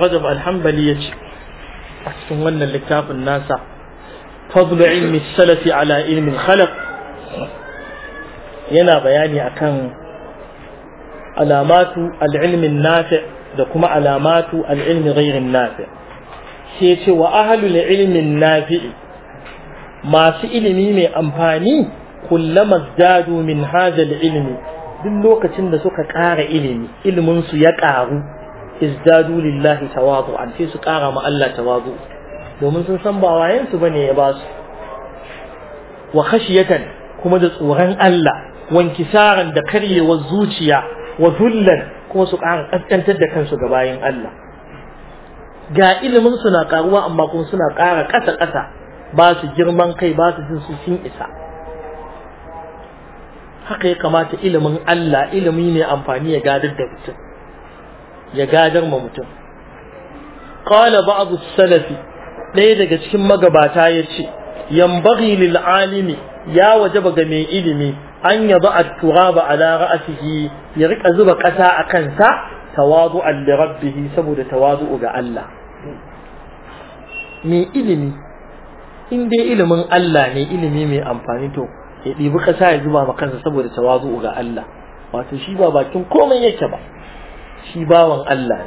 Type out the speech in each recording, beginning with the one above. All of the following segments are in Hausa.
rajab alhambali ya ce a cikin wannan littafin nasa fadlu ilmi salafi ala ilmin khalaq yana bayani akan alamatu al'ilmin nafi da kuma alamatu al'ilmi rairin nafi sai ce wa ahalul ilmin nafi masu ilimi mai amfani kullama zadu min hadha ilmi duk lokacin da suka ƙara ilimi iliminsu ya ƙaru izdadu lillahi tawadu'an sai su kara ma Allah tawadu domin sun san ba wayen su bane ya ba su wa khashiyatan kuma da tsoron Allah wankisaran da karyewar zuciya wa zullan kuma su kara kaskantar da kansu ga bayan Allah ga ilimin su na karuwa amma kuma suna kara kasa kasa ba su girman kai ba su jin su sun isa haka ya kamata ilimin Allah ilimi ne amfani ya gadar da mutum ya gadar ma mutum qala Abu salafi ɗaya daga cikin magabata ya ce yambaghi lil alimi ya wajaba ga mai ilimi an yaba at-turaba ala ra'sihi ya rika zuba ƙasa a kansa tawadu'an li bihi, saboda tawadu'u ga Allah mai ilimi in dai ilimin Allah ne ilimi mai amfani to ya ɗibi ƙasa ya zuba ma kansa saboda tawadu'u ga Allah wato shi ba bakin komai yake ba shi bawan Allah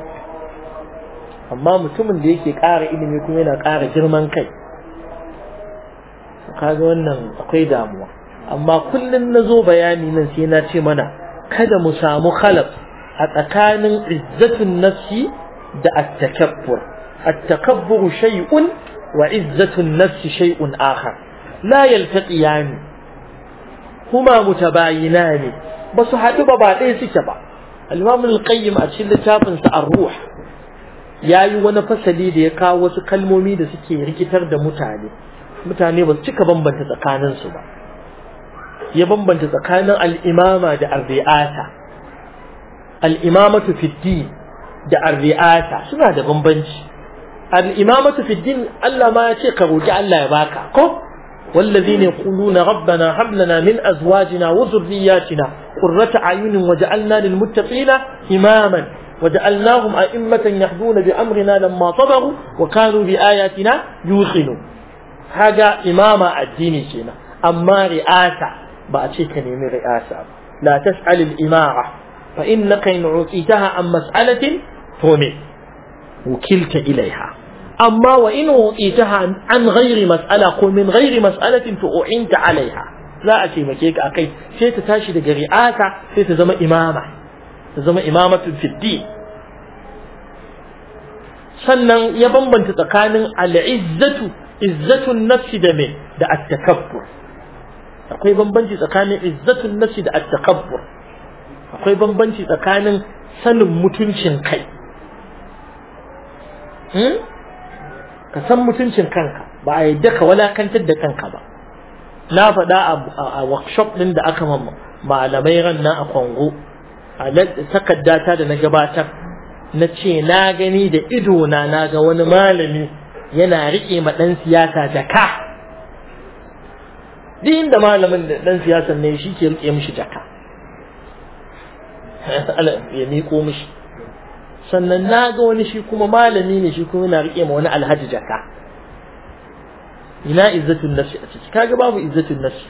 amma mutumin da yake ƙara ilimi kuma yana ƙara girman kai kaga wannan akwai damuwa amma kullum na zo bayani nan sai na ce mana kada mu samu khalaf a tsakanin izzatun nafsi da attakabbur attakabbur shay'un wa izzatun nafsi shay'un akhar la yaltaqiyani huma mutabayinani basu haɗu ba ba ɗaya suke ba al-imam a cikin littafin sa ar-ruh yayi wani fasali da ya kawo wasu kalmomi da suke rikitar da mutane mutane ba su cika bambanta tsakaninsu ba ya bambanta tsakanin Al'imama da ar-ri'ata al-imamatu da ar suna da bambanci al-imamatu fi Allah ma ya ce ka roƙi Allah ya baka ko والذين يقولون ربنا هب لنا من ازواجنا وذرياتنا قرة اعين وجعلنا للمتقين اماما وجعلناهم ائمة يهدون بامرنا لما صبروا وكانوا باياتنا يوقنوا هذا امام الدين كنا اما رئاسة باتي نيمي رئاسة لا تسأل الامارة فانك ان عطيتها عن مسألة فمن وكلت اليها amma wa in عن an مسألة mas'ala ko min مسألة mas'alatin عليها لا alaiha za a taimake ka akai sai ta tashi daga ri'aka sai ta zama imama ta zama fiddi sannan ya bambanta tsakanin al'izzatu izzatun nafsi da me da at-takabbur akwai bambanci tsakanin izzatun nafsi da at-takabbur akwai bambanci tsakanin sanin mutuncin kai hmm? ka san mutuncin kanka ba a yadda ka walakantar da kanka ba na faɗa a workshop ɗin da aka malamai ran na a kwango a takaddata da na gabatar na ce na gani da ido na ga wani malami yana riƙe ma ɗan siyasa jaka duk inda malamin da ɗan siyasa ne shi ke riƙe mishi jaka ya miƙo mishi sannan na ga wani shi kuma malami ne shi kuma yana riƙe ma wani alhaji jaka ina izzatun nafsi a ciki kaga babu izzatun nafsi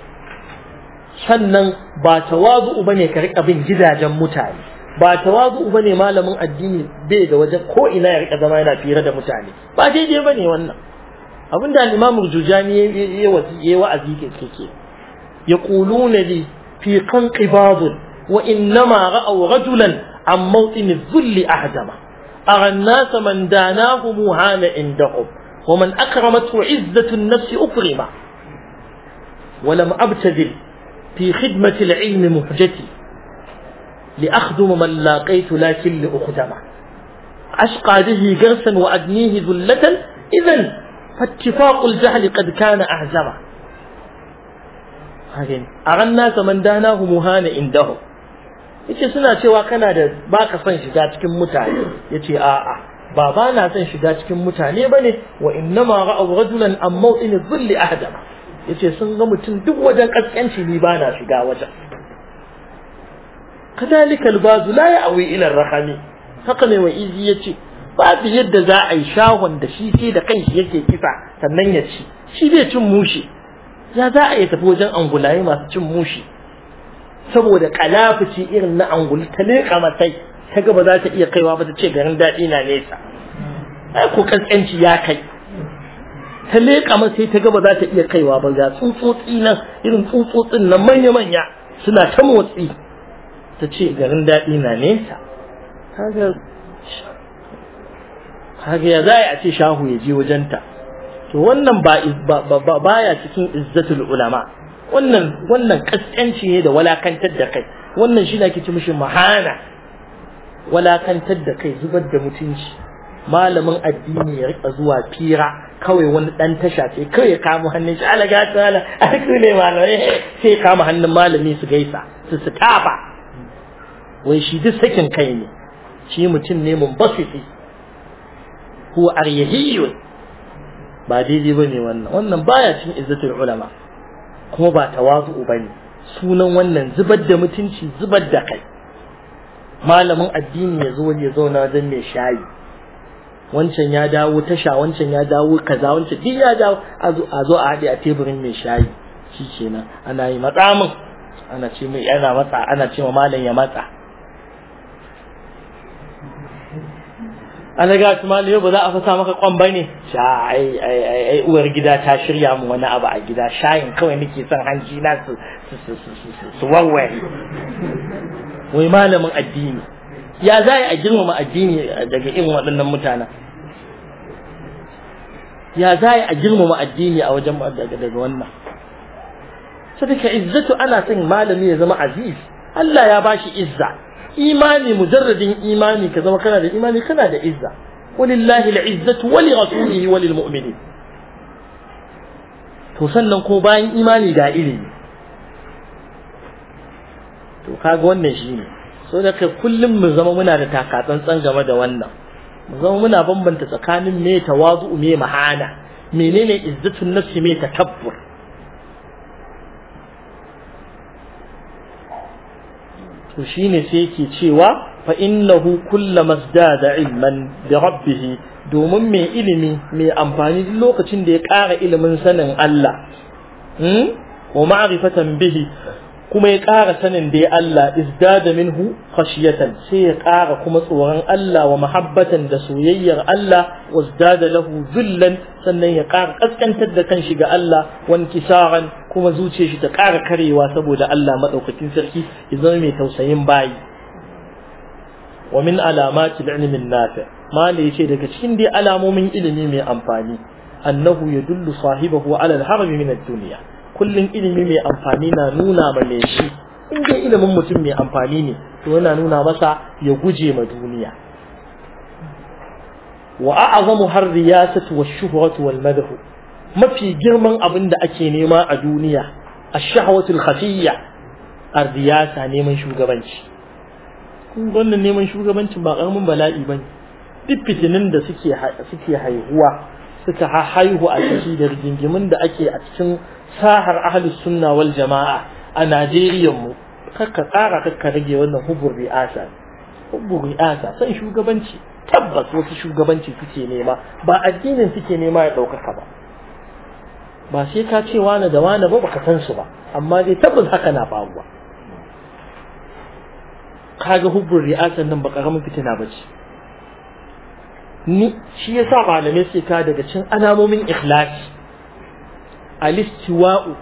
sannan ba tawazu ne ka riƙa bin gidajen mutane ba tawazu ne malamin addini bai ga wajen ko ina ya riƙa zama yana fira da mutane ba daidai ne wannan abin da al-imamu jujani ya wa'azi ke ke yaquluna li fi kan qanqibadun wa innama ra'aw rajulan عن موطن الذل أعجبه أرى الناس من داناه مهان عندهم ومن أكرمته عزة النفس أكرمه ولم أبتذل في خدمة العلم مهجتي لأخدم من لاقيت لكن لأخدمه أشقى به جرسا وأدنيه ذلة إذا فاتفاق الجهل قد كان أعزبه أرى الناس من داناه مهان عندهم yace suna cewa kana da baka son shiga cikin mutane yace a'a ba na son shiga cikin mutane bane wa innama ra'aw rajulan am mawdin dhilli ahdam yace sun ga mutum duk wajen kaskanci ni ba na shiga wajen kadalika albazu la ya'wi ila rahami haka ne wa izi yace babu yadda za a yi shahon da shi ce da kanshi yake kisa sannan ya ci shi bai cin mushi ya za a yi tafi wajen angulaye masu cin mushi saboda kalafici irin na angulu ta leƙa matai ta gaba za ta iya kaiwa ba ta ce garin daɗi na nesa ai ko kaskanci ya kai ta leƙa matai ta gaba za ta iya kaiwa ba ga tsutsotsi nan irin tsutsotsin nan manya manya suna ta motsi ta ce garin daɗi na nesa kaga ya za a ce shahu ya je wajenta to wannan ba ya cikin izzatul ulama wannan wannan kaskanci ne da walakantar da kai wannan shi da ke ci mishi mahana walakantar da kai zubar da mutunci malamin addini ya rika zuwa fira kawai wani dan tasha ce kawai ya kama hannun shi ala ga tsala aku ne malamai sai kama hannun malami su gaisa su su tafa wai shi duk sakin kai ne shi mutum ne mun basiti ko aryahiyun ba daidai bane wannan wannan baya cin izzatul ulama ko ba tawazu'u bane sunan wannan zubar da mutunci zubar da kai malamin addini ya zo ya zauna wajen mai shayi wancan ya dawo tasha wancan ya dawo kaza wancan duk ya dawo a zo a haɗe a teburin mai shayi shi kenan ana yi matsa ana ce mai yana matsa ana ce malam ya matsa an ga su malam yau ba za a fasa maka kwan bane sha ai ai ai uwar gida ta shirya mu wani abu a gida shayin kawai nake son hanji na su su su, su, su, su warware wai malamin addini ya za a girmama addini daga irin waɗannan mutanen ya za a girmama addini a wajen daga wannan sadaka izzatu ana son malami ya zama aziz Allah ya bashi izza imani mujarradin imani ka zama kana da imani kana da izza walillahi al'izzatu wa li rasulihi wa lil mu'minin to sannan ko bayan imani ga ilimi to kaga wannan shine so da kai kullum mu zama muna da takatsantsan game da wannan mu zama muna bambanta tsakanin me tawazu me mahana menene izzatun nafsi me takabbur to shine sai yake cewa fa innahu kullama da ilman bi rabbih domin mai ilimi mai amfani duk lokacin da ya ƙara ilimin sanin Allah hmm, wa ma'rifatan bihi kuma ya ƙara sanin dai Allah izdada minhu khashiyatan sai ya ƙara kuma tsoron Allah wa mahabbatan da soyayyar Allah wazdada lahu zullan sannan ya ƙara kaskantar da kanshi ga Allah wan kisaran kuma zuciyar shi ta ƙara karewa saboda Allah madaukakin sarki ya zama mai tausayin bayi wa min alamati ilmin nafi ya yace daga cikin dai alamomin ilimi mai amfani annahu yadullu sahibahu ala al-harbi min ad-dunya kullum ilimi mai amfani na nuna ma mai shi in dai ilimin mutum mai amfani ne to yana nuna masa ya guje ma duniya wa a'azamu har wash-shuhratu wal-madhu mafi girman abin da ake nema a duniya ash-shahwatu al-khafiyya ardiyata riyasa neman shugabanci kun wannan neman shugabancin ba karamin bala'i bane duk fitinin da suke suke haihuwa suka haihu a ciki da rigingimin da ake a cikin sahar ahlus sunna wal jama'a a Najeriya mu kakka tsara kakka rage wannan hubur ri'asa hubur ri'asa san shugabanci tabbas wasu shugabanci suke nema ba addinin suke nema ya ɗaukaka ba ba sai ka ce wani da wani ba baka san su ba amma dai tabbas haka na faruwa kaga hubur riasa nan ba karamin fitina bace. ni shi yasa malamai suke ka daga cin alamomin ikhlasi al-istiwa'u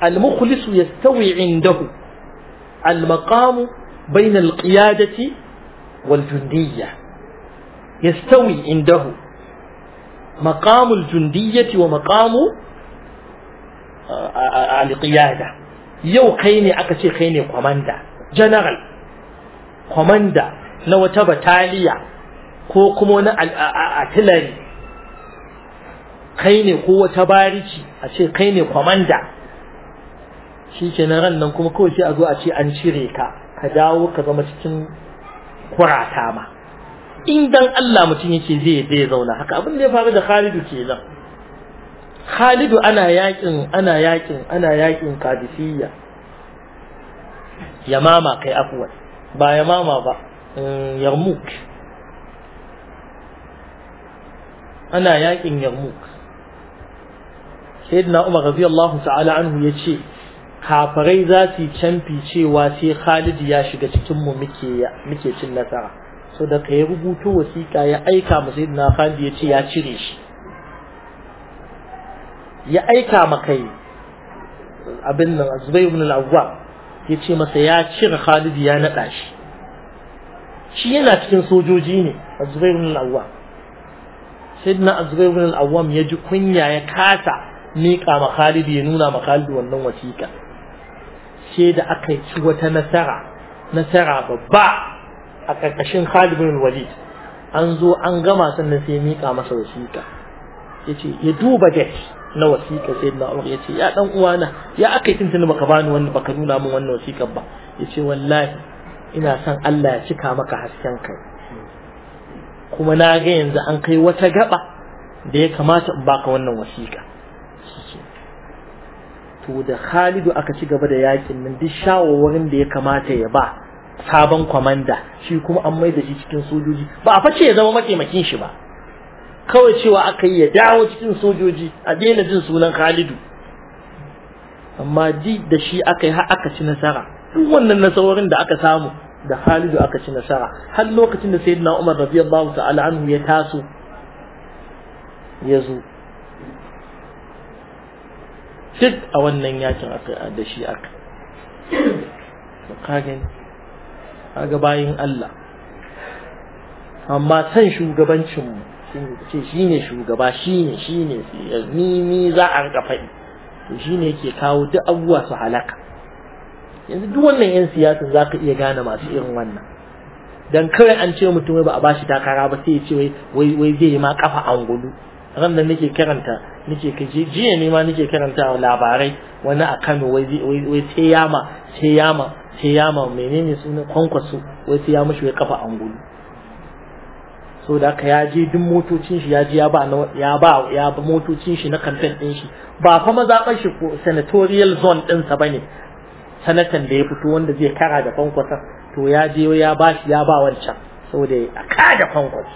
al-mukhlis yastawi indahu al-maqam bayna al-qiyadati wal jundiyya yastawi indahu maqam al-jundiyyati wa maqam al-qiyada yau kai ne aka ce kai ne commander general commander na wata bataliya ko kuma wani artillery kai ne ko wata bariki a ce kai ne kwamanda shi ke na ran nan kuma kawai sai a zo a ce an cire ka ka dawo ka zama cikin kurata ma in dan Allah mutum yake zai zai zauna haka abin da ya faru da Khalidu kenan Khalidu ana yakin ana yakin ana yakin ya mama kai afwan ba ya mama ba mm, yarmuk ana yakin yarmuk sayyidina umar radiyallahu ta'ala anhu ya ce kafarai za su canfi cewa sai Khalidu ya shiga cikin mu muke muke cin nasara so da kai rubutu wasiƙa ya aika mu sayyidina Khalid ya ce ya cire shi ya aika ma kai abin nan Zubayr ibn al-Awwam ya ce masa ya cire Khalid ya nada shi shi yana cikin sojoji ne Zubayr ibn al-Awwam sayyidina azubay ibn awwam ya ji kunya ya kasa miƙa ma Khalid ya nuna ma Khalid wannan wasiƙa sai da aka ci wata nasara nasara babba a ƙarƙashin Khalid Walid an zo an gama sannan sai miƙa masa wasiƙa ce ya duba date na wasiƙa sai na Ya ce ya dan uwana ya aka tuntuni baka bani wannan baka nuna min wannan wasiƙar ba yace wallahi ina son Allah ya cika maka hasken kai kuma na ga yanzu an kai wata gaba da ya kamata in baka wannan wasiƙa to da Khalidu aka ci gaba da yakin nan duk shawarwarin da ya kamata ya ba sabon kwamanda shi kuma an mai da shi cikin sojoji ba a face ya zama mataimakin shi ba kawai cewa aka yi ya dawo cikin sojoji a daina jin sunan Khalidu amma duk da shi aka yi har aka ci nasara duk wannan nasarorin da aka samu da Khalidu aka ci nasara har lokacin da sayyidina Umar radiyallahu ta'ala anhu ya taso ya zo duk a wannan yakin aka da shi aka kagen aga bayin Allah amma san shugabancin mu ce shine shugaba shine shine ni ni za a rika faɗi to shine yake kawo duk abuwa su halaka yanzu duk wannan yan siyasa za ka iya gane masu irin wannan dan kawai an ce mutum ba a ba shi takara ba sai ya ce wai zai yi ma kafa angulu ran da nake karanta nake jiya ne ma nake karanta labarai wani a Kano wai ma sai yama sai yama sai yama menene sunan kwankwaso wai sai ya mushi wai kafa angulu so da ka ya je duk motocin shi ya je ya ba ya ba motocin shi na kamfen din shi ba fa mazaɓar shi ko senatorial zone ɗinsa sa bane sanatan da ya fito wanda zai kara da kwankwasa to ya je ya ba shi ya ba wancan saboda a kara da kwankwasa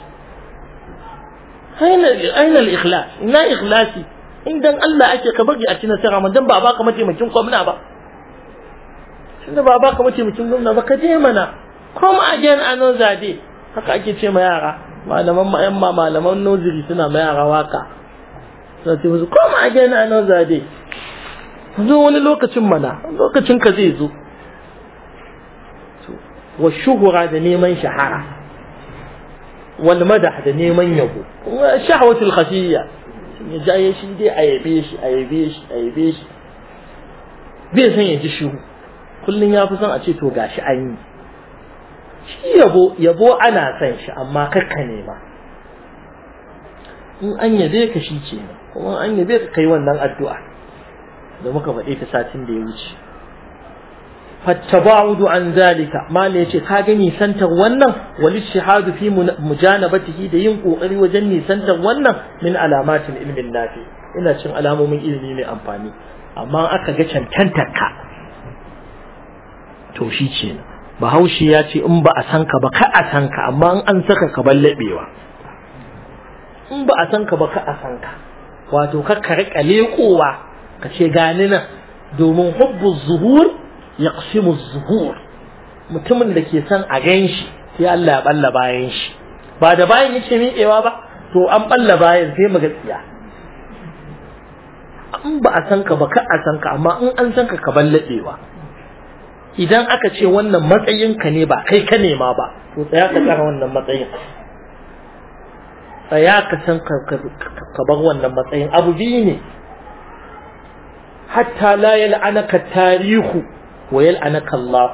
aina al-ikhlas ina ikhlasi idan Allah ake ka bari a ci nasara man dan ba baka mataimakin gwamna ba tunda ba baka mataimakin gwamna ba ka je mana come again another day haka ake ce ma yara malaman ma ma'amma malaman noziri suna ma yara waka sai ce musu come again another day zo wani lokacin mana lokacin ka zai zo wa shuhura da neman shahara wal madah da neman yabo wa shahwatul khashiyya ya jaye shi dai a yabe shi a yabe shi a yabe shi bai san ya ji shiru kullun ya fi son a ce to gashi an yi shi yabo yabo ana san shi amma kakka nema in an yabe ka shi kenan kuma an yabe ka kai wannan addu'a da muka faɗe ta satin da ya wuce fattaba'udu an zalika mala yace ka ga nisantar wannan wal shahadu fi mujanabatihi da yin kokari wajen nisantar wannan min alamatin ilmin nafi ina cin alamomin ilimi mai amfani amma aka ga cancantar ka to shi ce bahaushe ya ce in ba a san ka ba ka a san ka amma in an saka ka ballabewa in ba a san ka ba ka a san ka wato ka ka riƙa ka ce gani nan domin hubbu zuhur ya zuhur mutumin da ke son a gan shi sai Allah ya balla bayan shi ba da bayan yake miƙewa ba to an balla bayan sai mu gaskiya in ba a san ka ba ka a san ka amma in an san ka ka ballaɗewa idan aka ce wannan matsayinka ne ba kai ka nema ba to tsaya ka tsara wannan matsayin tsaya ka san ka bar wannan matsayin abu biyu ne hatta la yal'anaka tarihu wa yal'anaka Allah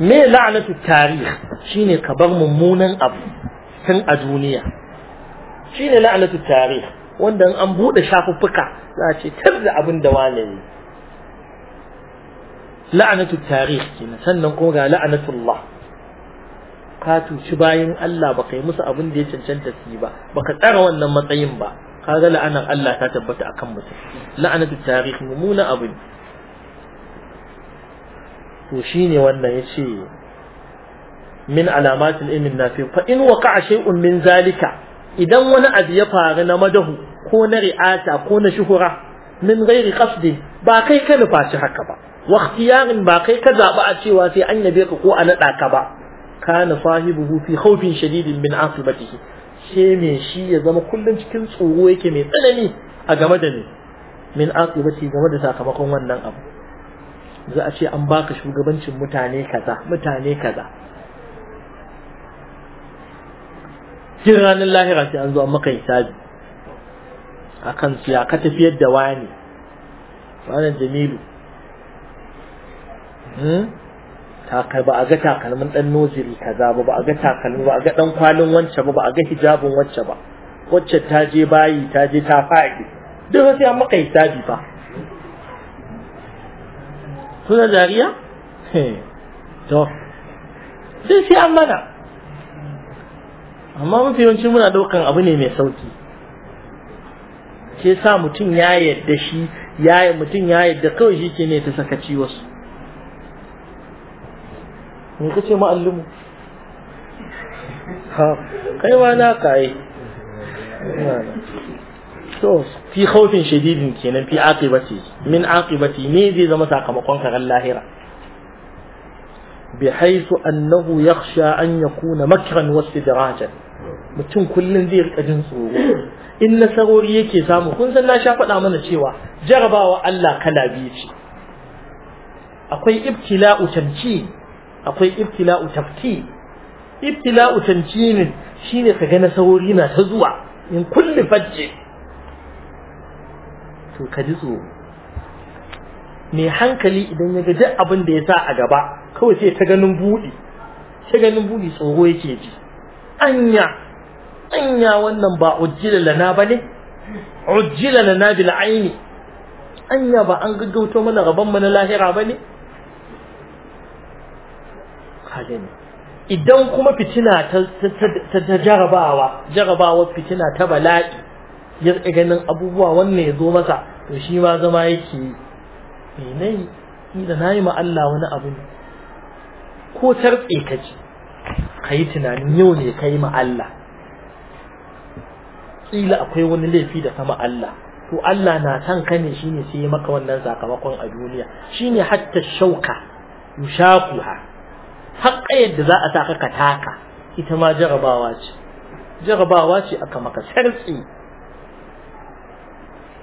me la'anatu tarih shine ka bar mummunan abu tun a duniya shine la'anatu tarih wanda an bude shafuffuka za a ce tarda abin da wane ne la'anatu tarih kenan sannan kuma ga la'anatu Allah ka tuci bayan Allah baka yi musu abin da ya cancanta su yi ba baka tsara wannan matsayin ba kaga la'anar Allah ta tabbata akan mutum la'anatu tarihi mummunan abu ne to ne wannan ce min alamatil ilmin fi fa in waqa'a shay'un min zalika idan wani abu ya faru na madahu ko na ri'ata ko na shuhura min ghairi qasdi ba kai ka nufaci haka ba wa ba kai ka zaba a cewa sai an yabe ka ko a nada ka ba kana sahibuhu fi khawfin shadidin min asibatihi sai mai shi ya zama kullum cikin tsoro yake mai tsanani a game da ni min aqibati game da sakamakon wannan abu za a ce an baka shugabancin mutane kaza mutane kaza jin ranar lahira sai an zo an maka hisabi akan su ya ka tafiyar da wani wannan jamilu hmm? ba a ga takalmin dan noziri kaza ba ba a ga takalmi ba a ga dan kwalin wancan ba ba a ga hijabin wancan ba wacce ta je bayi ta je ta faɗi duk sai an maka hisabi fa kuna zariya to sai sai an mana amma mafi yawanci muna daukan abu ne mai sauki ke sa mutum ya yadda shi ya mutum ya yadda kawai shi ke ne ta sakaci wasu me ce ma'allimu ha kai na kai to fi khawfin shadidin kenan fi aqibati min aqibati ne zai zama sakamakon karan lahira annahu أنه يخشى أن makran مكرا واستدراجا mutum kullum zai rika jin tsoro in nasarori yake samu kun san na sha faɗa mana cewa jarabawa Allah kala biyu ce akwai ibtila'u tamki akwai ibtila'u tafti ibtila'u tanjimin shine ka ga sauri na ta zuwa in kulli fajje, to ka ji tsoro mai hankali idan ya ga duk abin da ya sa a gaba kawai sai ta ganin buɗi ta ganin buɗi tsoro yake ji anya anya wannan ba ujjila lana bane ujjila lana bil aini anya ba an gaggauto mana gaban mu na lahira bane ne idan kuma fitina ta jarabawa jarabawa fitina ta bala'i ya ganin abubuwa wannan ya zo masa to shi ma zama yake yi me eh, nai na yi Allah wani abu ne ko tarbe ka ka yi tunanin yau ne ka yi Allah ƙila akwai wani laifi da sama Allah to Allah na san ka ne shine sai maka wannan sakamakon a duniya shine hatta shauka yushaquha haƙƙayar da za a sa ka taka ita ma jarabawa ce jarabawa ce aka maka sartsi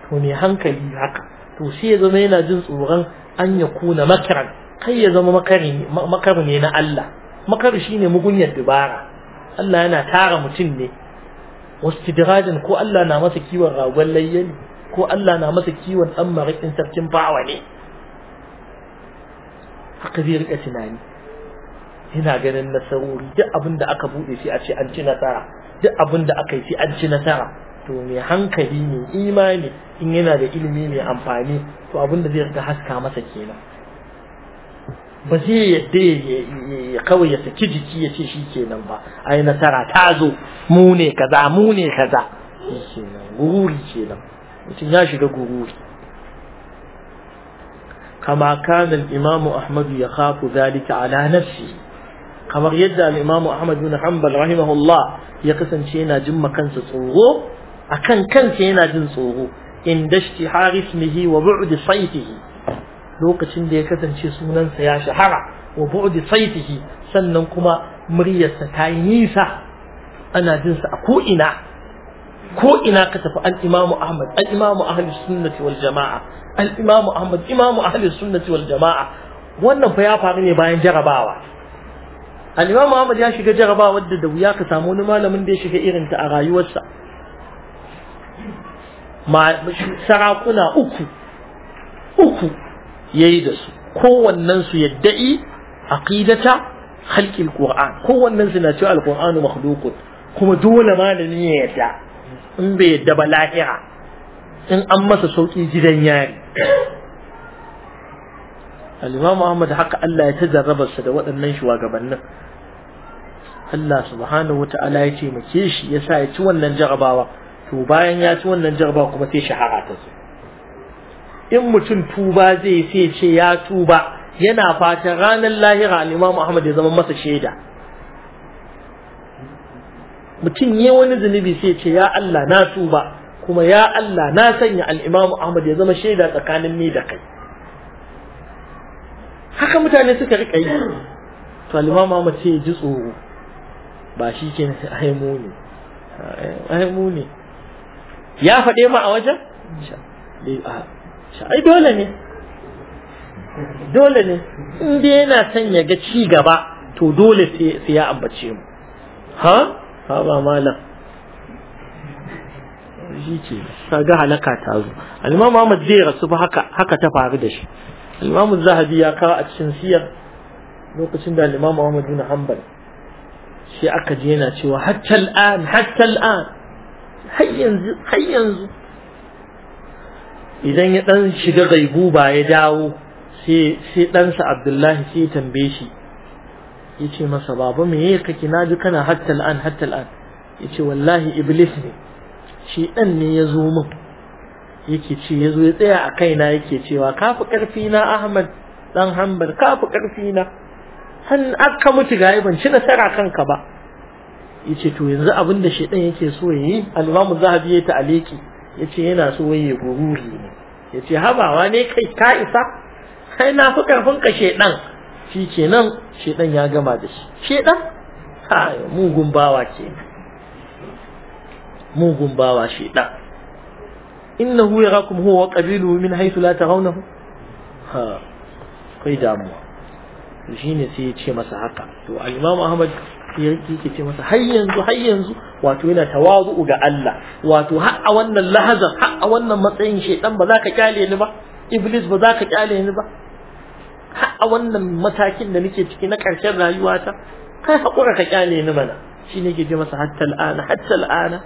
to ne hankali haka to shi ya zama yana jin tsoron an ya kuna makaran kai ya zama makar ne na Allah makar shi ne mugunyar dubara Allah yana tara mutum ne wasu dirajin ko Allah na masa kiwon ragon layya ko Allah na masa kiwon ɗan maraƙin sarkin bawa ne haka zai rika tunani ina ganin nasarori duk abin da aka buɗe shi a ce an ci nasara duk abin da aka yi shi an ci nasara to me hankali ne imani in yana da ilimi mai amfani to abin da zai ga haska masa kenan ba zai yadda ya kawai ya saki jiki ya ce shi kenan ba a yi nasara ta zo mu ne kaza mu ne kaza gururi kenan mutum ya shiga gururi kama kanin imamu ahmadu ya khafu zalika ala nafsihi kamar yadda al'imam'u imam Ahmad bin Hanbal rahimahullah ya kasance yana jin kansa tsoro akan kansa yana jin tsoro in dashti harismihi wa bu'd saitihi. lokacin da ya kasance sunansa ya shahara wa bu'd saitihi. sannan kuma muryarsa ta yi nisa ana jin sa a Ko'ina ina ka tafi al Ahmad al'imamu ahli Sunnati wal Jama'a Ahmad Imam ahli Sunnati wal Jama'a wannan fa ya faru ne bayan jarabawa al-imam Ahmad ya shiga jaraba wadda da wuya ka samu wani malamin da ya shiga irin ta a rayuwarsa sarakuna uku uku yayi da su kowannen su yadda'i aqidata khalqil qur'an kowannen su na cewa al-qur'anu makhluqun kuma dole malamin ya yadda in bai yadda ba lahira in an masa sauki gidan yari al-imam Ahmad haka Allah ya tajarrabarsa da waɗannan shugabannin Allah subhanahu wata'ala ya taimake shi ya sa ya ci wannan jarabawa to bayan ya ci wannan jarabawa kuma sai shahara ta zo in mutum tuba zai sai ce ya tuba yana fatan ranar lahira al Muhammad ya zama masa shaida mutum yi wani zunubi sai ce ya Allah na tuba kuma ya Allah na sanya al Muhammad ya zama shaida tsakanin ni da kai haka mutane suka riƙa yi to al Muhammad sai ya ji tsoro ba shi ke haimu ne haimu ne ya faɗe ma a wajen ai dole ne dole ne in dai yana son ya ga ci gaba to dole sai ya ambace mu ha ha ba malam shi ce ta ga halaka ta zo alimam Muhammad Ahmad zai rasu ba haka haka ta faru da shi al Zahabi ya kawo a cikin siyar lokacin da alimam Muhammad Ahmad bin Hanbal sai aka je yana cewa "Hattal an! Hattal an!" har yanzu har yanzu idan ya dan shiga gaibu ya dawo sai ɗansa Abdullahi sai ya tambaye shi ce masa baba me yake kake naji kana hatta al'an hatta ya ce, wallahi iblis ne shi ɗan ne ya zo min yake ce ya zo ya tsaya a kaina yake cewa kafi karfi na Ahmad dan Hanbal kafi karfi na san aka mutu yi ban ci nasara kanka ba yace to yanzu abin da shedan yake so yayi al-Imam Zahabi ya ta'aliki yace yana so waye gururi ne yace habawa ne kai ka isa kai na fi karfin ka shedan shi kenan shedan ya gama da shi shedan ha mugun bawa kenan mugun bawa shedan innahu yarakum huwa qabiluhu min haythu la tarawnahu ha kai damuwa ne sai ya ce masa haka to al-Imam Ahmad ya yake ce masa har yanzu har yanzu wato yana tawazu ga Allah wato har a wannan lahazan har a wannan matsayin shedan ba za ka kyale ni ba iblis ba za ka kyale ni ba har a wannan matakin da nake ciki na ƙarshen rayuwata kai haƙura ka kyale ni mana shi ne ke ji masa hatta al'ana hatta al'ana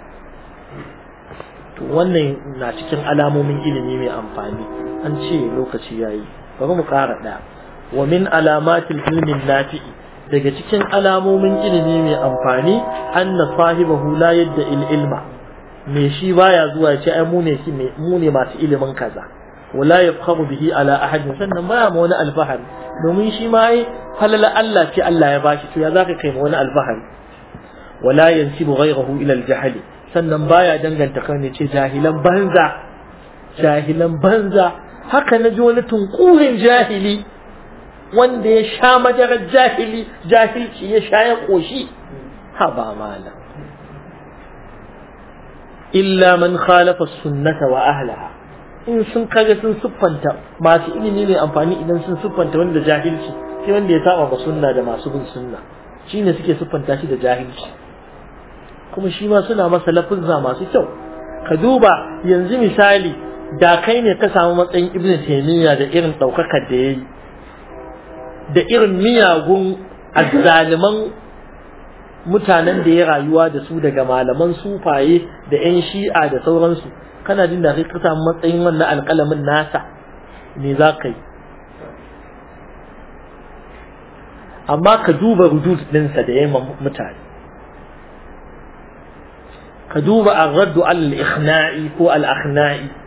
to wannan na cikin alamomin ilimi mai amfani an ce lokaci yayi bari mu ƙara ɗaya wa min alamatil ilmin nafi'i daga cikin alamomin ilimi mai amfani anna sahibahu la yadda il ilma me shi baya zuwa ce ai mu ne mu ne masu ilimin kaza wala yafkharu bihi ala ahad sannan baya ma wani alfahari domin shi ma ai falala Allah ce Allah ya bashi to ya zaka kai ma wani alfahari wala yansibu ghayrahu ila al sannan baya danganta kan ce jahilan banza jahilan banza haka na ji wani tunkurin jahili wanda ya sha madarar jahili jahilci ya sha ya ƙoshi, ha ba illa man khalafa sunnata wa ahlaha in sun kaga sun siffanta masu ilimi ne amfani idan sun siffanta wanda jahilci sai wanda ya saba ba sunna da masu bin sunna shine suke siffanta shi da jahilci kuma shi ma suna masa lafuzza masu kyau ka duba yanzu misali da kai ne ka samu matsayin ibnu taymiya da irin daukakar da yayi da irin miyagun azzaliman mutanen da ya rayuwa da su daga malaman sufaye da 'yan shi'a da sauransu kana jin da kai ka samu matsayin wannan alƙalamin nasa ne za ka yi amma ka duba rudud ɗinsa da yamma mutane ka duba an raddu al-ikhna'i ko al-akhna'i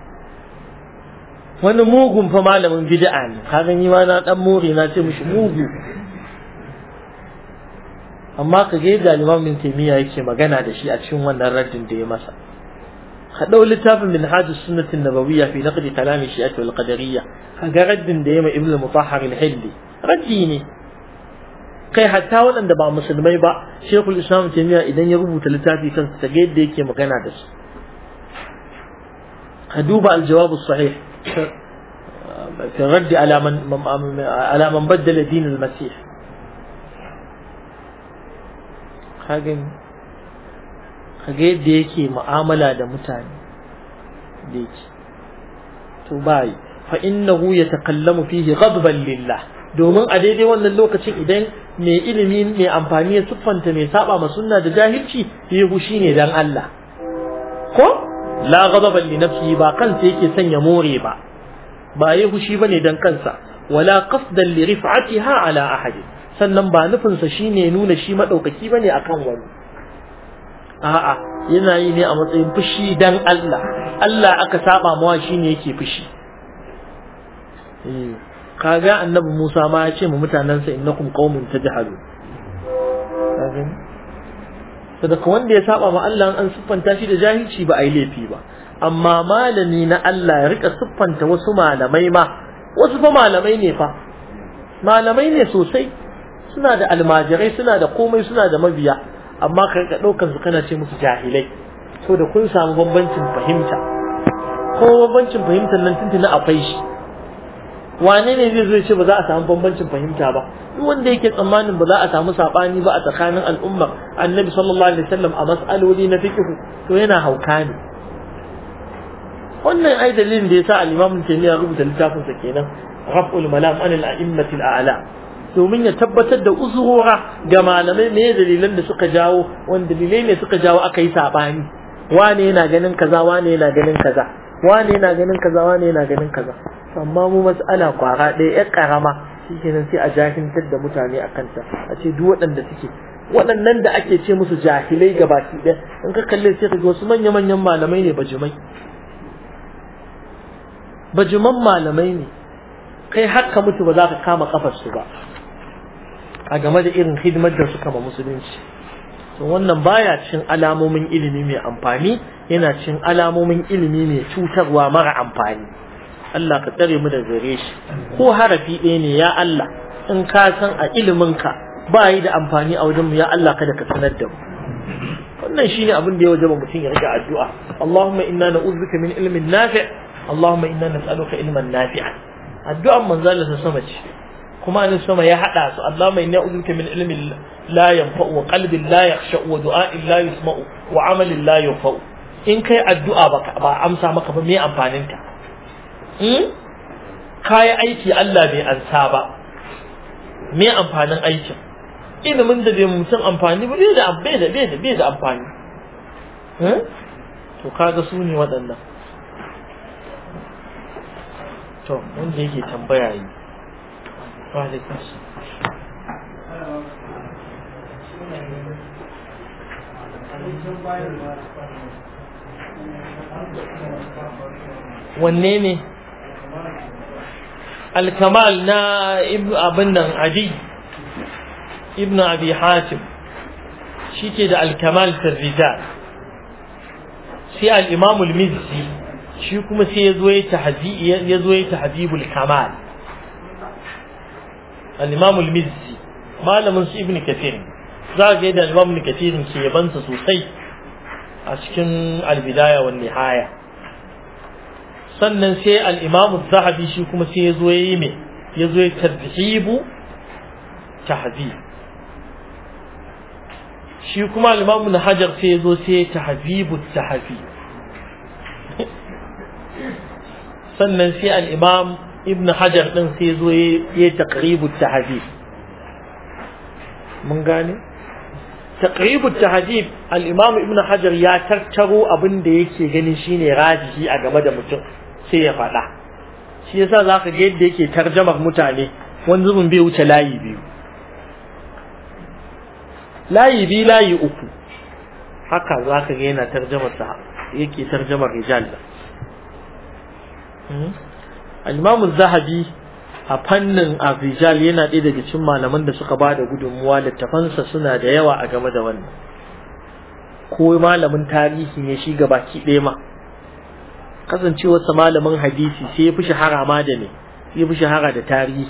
wani mugun fa malamin bid'a ne ka gani ma na dan more na ce mishi mugu amma ka ga yadda Imam Ibn Taymiyyah yake magana da shi a cikin wannan raddin da ya masa ka dau littafin Minhaj as-Sunnah an-Nabawiyyah fi naqd kalam shi'at wal qadariyya ka ga raddin da ya ma Ibn Mutahhar al-Hilli raddi ne kai hatta waɗanda ba musulmai ba Sheikhul Islam Taymiyyah idan ya rubuta littafi kansa ta ga yadda yake magana da su ka duba al-jawab sahih في الرد على من على من بدل دين المسيح kage yadda yake mu'amala da mutane da yake to bai fa innahu yatakallamu fihi ghadban lillah domin a daidai wannan lokacin idan mai ilimi mai amfani ya siffanta mai saba ma sunna da jahilci yahu shine dan Allah ko la ghadaban li nafsihi ba kansa yake sanya more ba ba yayi hushi bane dan kansa wala qasdan li rif'atiha ala ahadi sannan ba nufinsa shine nuna shi madaukaki bane akan wani a'a yana yi ne a matsayin fushi dan Allah Allah aka saba mawa shine yake fushi eh, kaga annabi Musa ma ya ce mu mutanansa innakum qaumun tajhalu sadaka wanda ya saba ma Allah an siffanta shi da jahilci ba ayi laifi ba amma malami na Allah ya rika siffanta wasu malamai ma wasu fa malamai ne fa malamai ne sosai suna da almajirai suna da komai suna da mabiya amma ka rika daukar su kana ce musu jahilai saboda kun samu bambancin fahimta kuma bambancin fahimtar nan tuntuna akwai shi wane ne zai zo ce ba za a samu bambancin fahimta ba duk wanda yake tsammanin ba za a samu sabani ba a tsakanin al'ummar annabi sallallahu alaihi wasallam a mas'aloli na fiqh to yana hauka ne wannan ai dalilin da yasa al-imam ya rubuta littafin sa kenan raf'ul malam anil a'immatil a'la domin ya tabbatar da uzurora ga malamai me dalilan da suka jawo wanda dalilai ne suka jawo aka yi sabani wane yana ganin kaza wane yana ganin kaza wane yana ganin kaza wane yana ganin kaza amma mu mas'ala kwara ɗaya yar karama shikenan sai a jahiltar da mutane a kanta a ce duk waɗanda suke waɗannan da ake ce musu jahilai ga baki ɗaya in ka kalli sai ka ga wasu manya-manyan malamai ne bajimai bajiman malamai ne kai haka mutu ba za ka kama kafarsu ba a game da irin hidimar da suka ma musulunci to wannan baya cin alamomin ilimi mai amfani yana cin alamomin ilimi mai cutarwa mara amfani Allah ka tsare mu da zare shi ko harafi ɗaya ne ya Allah in ka san a iliminka ba yi da amfani a wajen mu ya Allah kada ka sanar da mu wannan shine abin da ya wajaba mutum ya rika addu'a Allahumma inna na'udzuka min ilmin nafi' Allahumma inna nas'aluka ilman nafi'a addu'an manzo Allah sama ce kuma ni sama ya hada su Allahumma inna na'udzuka min ilmin la yanfa'u wa qalbin la yakhsha'u wa du'a'in la yusma'u wa 'amalin la yanfa'u in kai addu'a ba amsa maka ba me amfaninta Hmm? kayi aiki Allah bai ansa ba me amfanin aikin ilimin da bai mutum amfani ba bai da bai da bai da bai da amfani hmm? to kaga su ne waɗannan to wanda yake tambaya yi wa da kashi wanne ne alkamal na abin nan adi ibn abi hatim shi ke da alkamal firrijal sai al'imamul mizzi shi kuma sai ya zo ya habibul kamal al'imamul mizzi malamin su ibn kathir za ga da al'imamul kathir ke yabansa sosai a cikin albidaya wal haya. sannan sai al-imam zahabi shi kuma sai ya yazo yayi me yazo ya tadhibu tahzib shi kuma al-imam ibn hajar sai ya yazo sai tahzibu tahzib sannan sai al ibn hajar ɗin sai ya yazo yayi taqribu tahzib mun gane taqribu tahzib al-imam ibn hajar ya tattaro abin da yake gani shine rajihi a game da mutum sai ya faɗa shi yasa za ka ga yadda yake tarjamar mutane wani zubin bai wuce layi biyu layi biyu layi uku haka za ka ga yana tarjamar sa yake tarjamar rijal da hmm? alimamun zahabi a fannin Afrijal yana ɗaya daga cikin malaman da suka ba da gudunmuwa littafansa suna da yawa a game da wannan ko malamin tarihi ne shi baki ɗaya ma kasancewar sa malamin hadisi sai ya fi shahara ma da ne sai ya fi shahara da tarihi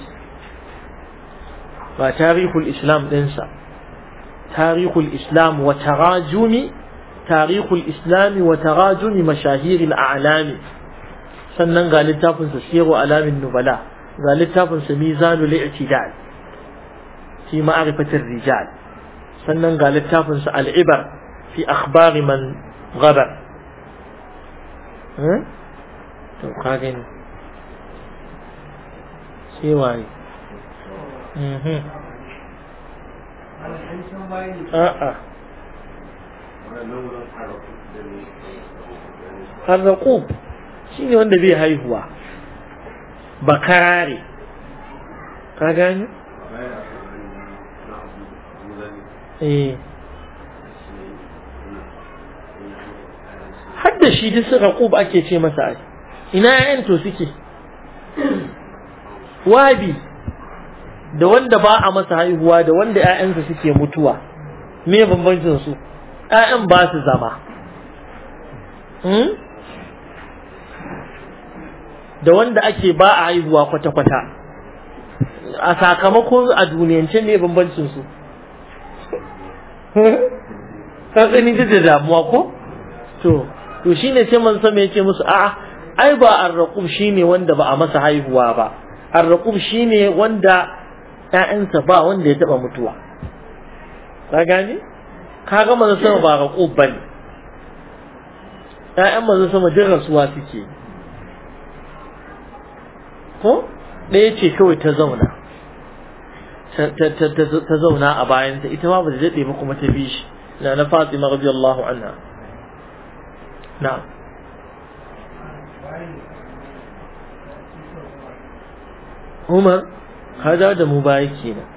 ba tarihul islam din sa tarihul islam wa tarajumi tarihul islam wa tarajumi mashahiril a'lami sannan ga littafin sa siru alamin nubala ga littafin sa mizanul i'tidal fi ma'rifatir rijal sannan ga littafin sa al'ibar fi akhbari man ghabar Eh? to ka gani sai waye mhm. a'a harraƙub shi ne wanda zai haihuwa bakarare ka gani? eh har da shi duk raqub ake ce masa ai ina ƴaƴan to suke wabi da wanda ba a masa haihuwa da wanda ƴaƴansa suke mutuwa me bambancin su ƴaƴan ba su zama hmm? da wanda ake ba a haihuwa kwata-kwata a sakamakon a duniyance me bambancin su kan tsani da damuwa ko to to shine sai man sama ce musu a'a ai ba arraqub shine wanda ba a masa haihuwa ba arraqub shine wanda ƴaƴansa ba wanda ya taba mutuwa ka ka ga manzo sama ba arraqub bane ƴaƴan manzo sama duk rasuwa suke ko ɗaya ce kawai ta zauna ta zauna a bayansa ita ma ba ta daɗe ba kuma ta bi shi na na Fatima radiyallahu anha نعم umar هذا da mu baya kenan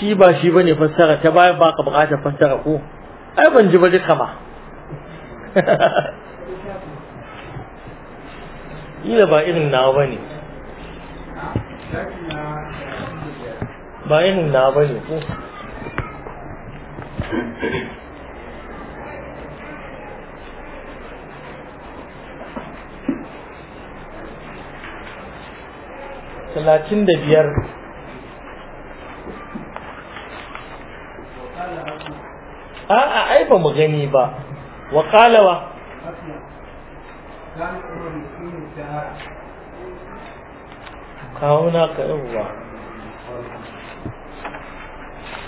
shi ba shi bane fassara ta baya baka bukatar fassara ko ai ban ji ba duka ma ila ba irin na ba ne ba irin na ba ne ko talatin da biyar a'a ai ba mu gani ba wa qala wa kawo ka yawwa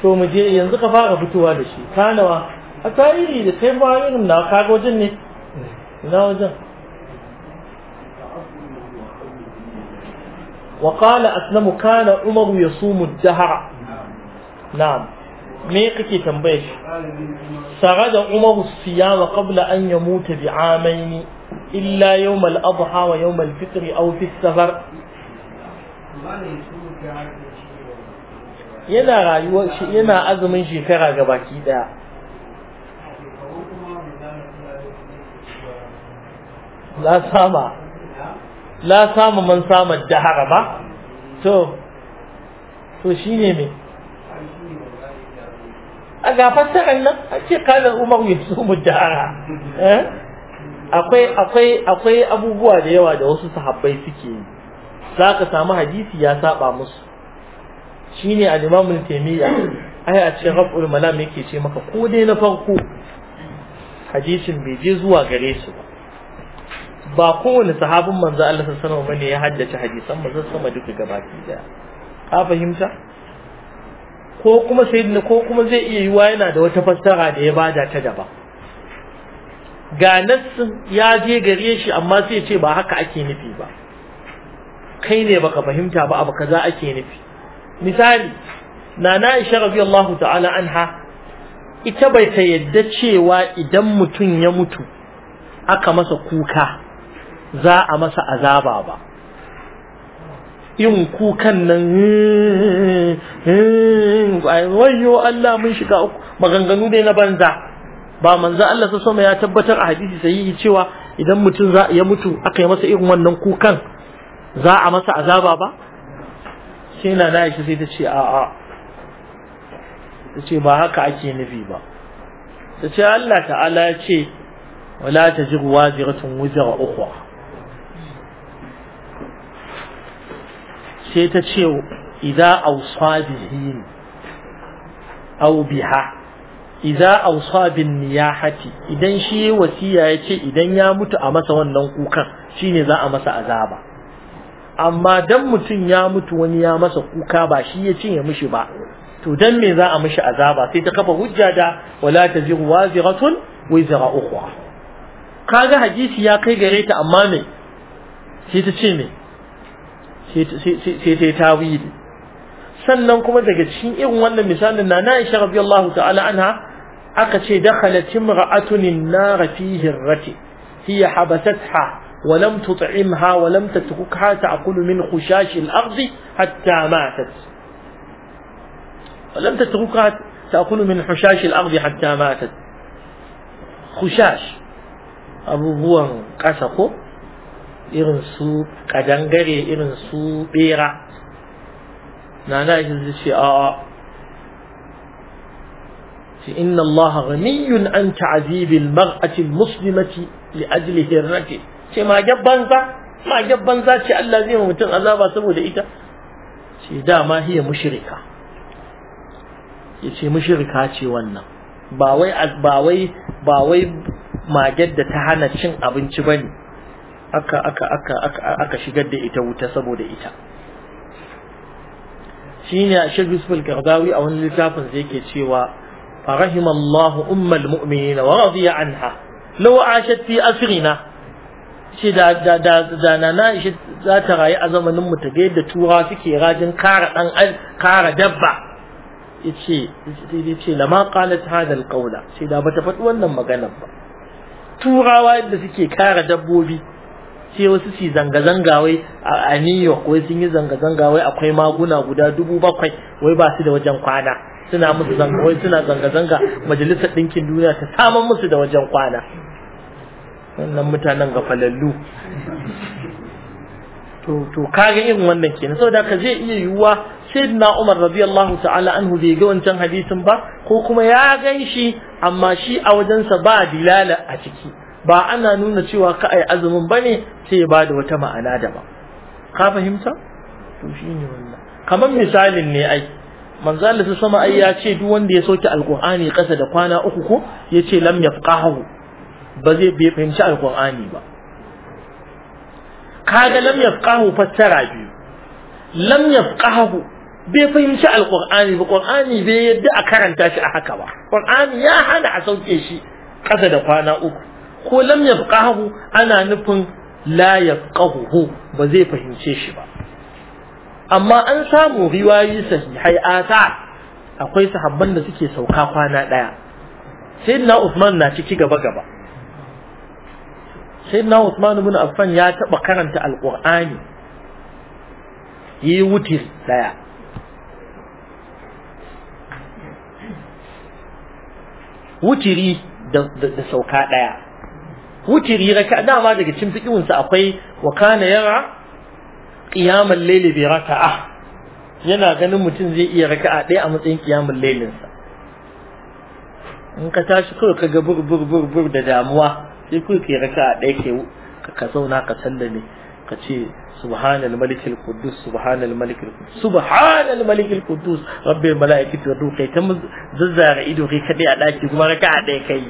to mu je yanzu ka fara fitowa da shi kanawa a tarihi da kai ba irin na kaga wajen ne na wajen وقال أسلم كان عمر يصوم الدهر نعم me kake tambaye shi sarada umaru siyama qabla an yamuta bi amaini illa yawm al-adha wa yawm al-fitr aw fi safar yana rayuwar shi yana azumin shekara gabaki daya la sama la sama man sama dahara ba to to shine me a gafar fassarar nan a ce kana umar yusufu dara eh? akwai akwai akwai abubuwa da yawa da wasu sahabbai suke yi za ka samu hadisi ya saba musu Shi ne a al-taymiya ai a cikin raf'ul malam yake ce maka ko dai na farko hadisin bai je zuwa gare su ba ba kowane sahabin manzo Allah sallallahu alaihi ya haddace hadisan manzo sama duka gabaki daya ka fahimta ko kuma sayyidina ko kuma zai iya wa yana da wata fassara da ya bada ta daba. ga nassin ya je gare shi amma sai ce ba haka ake nufi ba kai ne baka fahimta ba abu kaza ake nufi misali nana Aisha radiyallahu ta'ala anha ita bai ta yadda cewa idan mutum ya mutu aka masa kuka za a masa azaba ba yin kukan nan hmm, hmm, wayo Allah mun shiga uku maganganu ne na banza ba manzo Allah sa sama ya tabbatar a hadisi sahihi cewa idan mutum za ya mutu aka yi masa irin wannan kukan za a masa azaba ba sai na na shi sai ta ce a a ta ce ba haka ake nufi ba ta ce Allah ta'ala ya ce wala tajiru wajiratun wuzra ukhra sai ta ce idza awsa bihi aw biha idza awsa bin niyahati idan shi wasiya yace idan ya mutu a masa wannan kukan shine za a masa azaba amma dan mutum ya mutu wani ya masa kuka ba shi ya cinye mishi ba to dan me za a mishi azaba sai ta kafa hujja da wala taziru waziratun wizra ukhra kaga hadisi ya kai gare ta amma me sai ta ce me sai ta tawili sannan kuma daga cikin irin wannan misalin na Aisha radiyallahu ta'ala anha aka ce dakhalat imra'atun an-nar fi hirrati hiya habasatha wa lam tut'imha wa lam tatukha ta'kulu min khushash al-ardi hatta matat wa lam tatukha ta'kulu min khushash al-ardi hatta matat khushash abubuwan kasa ko irin su kadangare irin su bera na na shi zai ce a'a shi inna Allah ghaniyun an ta'azibil mar'acin muslimati li ajli hirnati ce magen banza magen banza ce Allah zai mutum azaba saboda ita ce dama hiya mushrika ya ce mushrika ce wannan ba wai ba wai ba wai magen da ta hana cin abinci bane aka aka aka aka shigar da ita wuta saboda ita shine a shek yusuf al-qardawi a wani littafin sai yake cewa farahim Allah ummal mu'minina wa radiya anha law ashat fi asrina ce da da da da na na shi za ta rayu a zamanin mu ta ga yadda tura suke rajin kara dan kara dabba yace yace lama qalat hada al-qawla sai da bata faɗi wannan maganar ba turawa yadda suke kara dabbobi ce wasu su zanga-zanga wai a New York wai sun yi zanga-zanga wai akwai maguna guda dubu bakwai wai ba su da wajen kwana suna musu zanga wai suna zanga-zanga majalisar ɗinkin duniya ta saman musu da wajen kwana wannan mutanen ga falallu to to kaga irin wannan kenan saboda ka zai iya yiwuwa sayyidina Umar radiyallahu ta'ala anhu bai ga wancan hadisin ba ko kuma ya gan shi amma shi a wajensa ba dilala a ciki ba ana nuna cewa ka ai azumin bane sai ya bada wata ma'ana daban ka fahimta to shine wannan kamar misalin ne ai manzo Allah sama ai ya ce duk wanda ya soke alqur'ani kasa da kwana uku ko yace lam yafqahu ba zai bai fahimci alqur'ani ba kaga lam yafqahu fassara biyu lam yafqahu bai fahimci alqur'ani ba qur'ani bai yadda a karanta shi a haka ba qur'ani ya hana a sauke shi kasa da kwana uku ko lam yafqahu ana nufin la yafqahu ba zai fahimce shi ba amma an samu riwayi sahihai ata akwai sahabban da suke sauka kwana daya sayyidina Usman na ciki gaba gaba sayyidina Usman ibn Affan ya taba karanta alqur'ani yi wutir daya wutiri da sauka ɗaya. wutiri raka dama daga cin fiqhun akwai wa kana yara qiyamul layli bi yana ganin mutum zai iya raka'a ɗaya a matsayin qiyamul laylin sa in ka tashi kawai ka ga bur bur bur bur da damuwa sai kawai raka raka'a ɗaya ke ka zauna ka sallame ka ce subhanal malikil quddus subhanal malikil quddus subhanal malikil quddus rabbi malaikati wa ruhi ta zazzara ido kai kadai a daki kuma raka'a ɗaya kai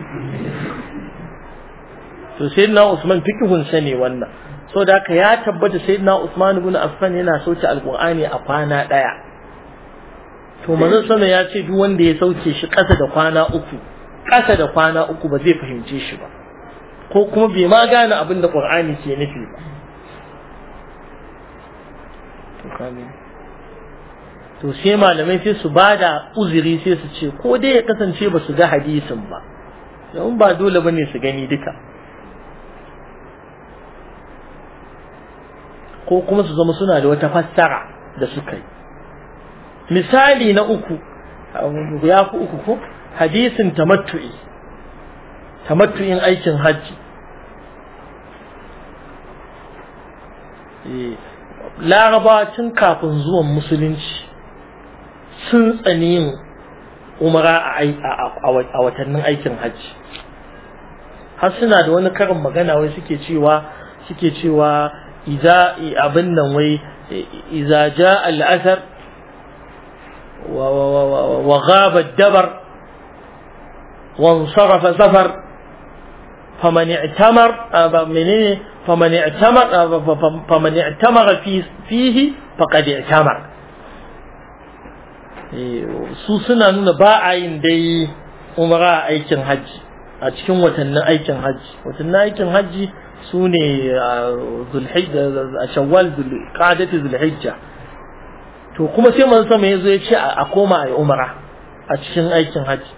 to sayyidina Usman fikihun sani ne wannan so da haka ya tabbata sayyidina Usman ibn Affan yana sauke alqur'ani a kwana daya to manzon ya ce duk wanda ya sauke shi kasa da kwana uku kasa da kwana uku ba zai fahimce shi ba ko kuma bai ma gane abin da qur'ani ke nufi ba to sai malamai sai su bada uzuri sai su ce ko dai ya kasance ba su ga hadisin ba don ba dole ne su gani duka ko kuma su zama suna da wata fassara da suka yi misali na uku ya fi uku ko hadisin tamattu'i tamattu'in aikin hajji eh, laraba tun kafin zuwan musulunci sun tsani yin umara a watannin aikin hajji har suna da wani karin magana wai suke cewa suke cewa iza abin nan wai iza ja al'asar wa gaba dabar wansarafa safar faman i'tamar menene faman i'tamar faman i'tamar fihi faqad i'tamar su suna nuna ba a yin dai umara aikin hajji a cikin watannin aikin hajji watannin aikin hajji su ne a shawwal qadati zulhijja to kuma sai manzo sama yazo ya ce a koma ayi umara a cikin aikin haji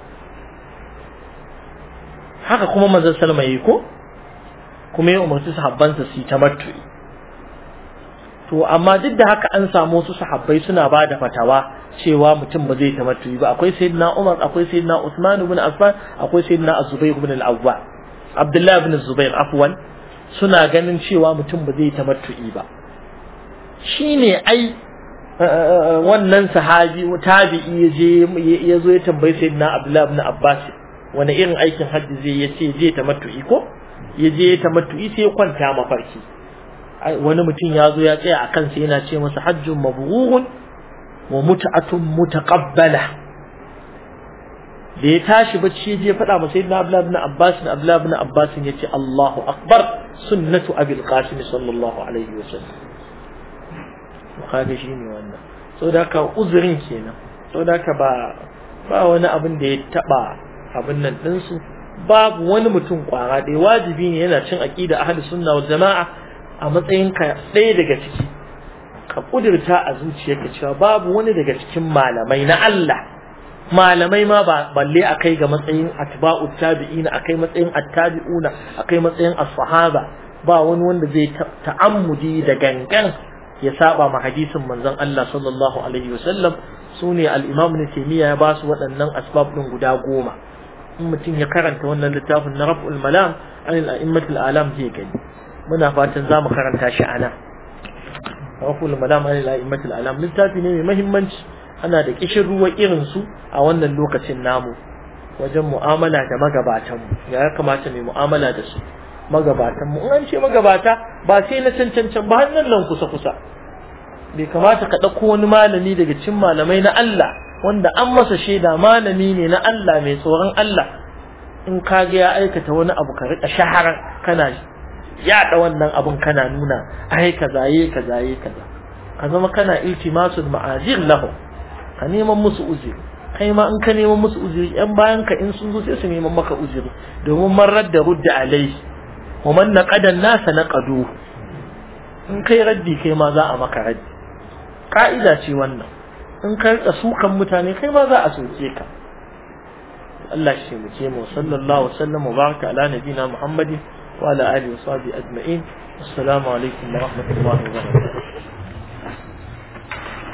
haka kuma manzo sallama yi ko kuma ya umarci sahabbansa su yi tamattu to amma duk da haka an samu wasu sahabbai suna ba da fatawa cewa mutum ba zai tamattu ba akwai sayyidina Umar akwai sayyidina usman ibn Affan akwai sayyidina Zubair ibn al-Awwa Abdullah ibn Zubair afwan suna ganin cewa mutum ba zai tamattu'i ba Shi ne ai eh, eh, eh, wannan sahabi tabi'i ya zo ya tambayi sayyidina Abdullah ibn Abbas wani irin aikin hajji zai yace zai tamattu'i ko ya je ya tamattu'i sai ya kwanta mafarki wani mutum ya zo ya tsaya a kansa yana ce masa hajjun mabrurun wa mut'atun mutaqabbala da ya tashi bacci je faɗa ma sayyidina Abdullah na Abbas da Abdullah na Abbas ya ce Allahu akbar sunnatu Abil Qasim sallallahu alaihi wa sallam shi ne wannan da haka uzurin kenan da haka ba ba wani abin da ya taba abin nan din su babu wani mutum kwara da wajibi ne yana cin aqida ahli sunna wal jamaa a matsayin ka ɗaya daga ciki ka kudurta a zuciyarka cewa babu wani daga cikin malamai na Allah malamai ma ba balle akai ga matsayin atba'u tabi'ina akai matsayin attabi'una akai matsayin as-sahaba ba wani wanda zai ta'ammudi da gangan ya saba ma hadisin manzon Allah sallallahu alaihi wasallam sune al-imam ibn taymiya ya basu waɗannan asbab din guda goma in mutum ya karanta wannan littafin na raf'ul malam anil a'immatul alam zai gani muna fatan za mu karanta shi ana raf'ul malam anil a'immatul alam littafi ne mai muhimmanci ana da kishin ruwa irin su a wannan lokacin namu wajen mu'amala da magabatan mu ya kamata mai mu'amala da su magabatan mu an ce magabata ba sai na cancancan ba hannun nan kusa kusa bai kamata ka ɗauko wani malami daga cikin malamai na Allah wanda an masa shaida malami ne na Allah mai tsoron Allah in ka ga ya aikata wani abu ka rika shaharar kana da wannan abun kana nuna ai kaza yi kaza yi kaza ka zama kana iltimasul ma'azir lahu ka neman musu uzuri kai ma in ka neman musu uzuri yan bayan ka in sun zo sai su neman maka uzuri domin man radda rudda alai wa man naqada nasa naqadu in kai raddi kai ma za a maka raddi ka'ida ce wannan in ka rika sukan mutane kai ma za a soke ka Allah shi mu ce mu sallallahu wasallam wa baraka ala nabina Muhammadin wa ala alihi wa sahbihi ajma'in assalamu alaikum wa rahmatullahi wa barakatuh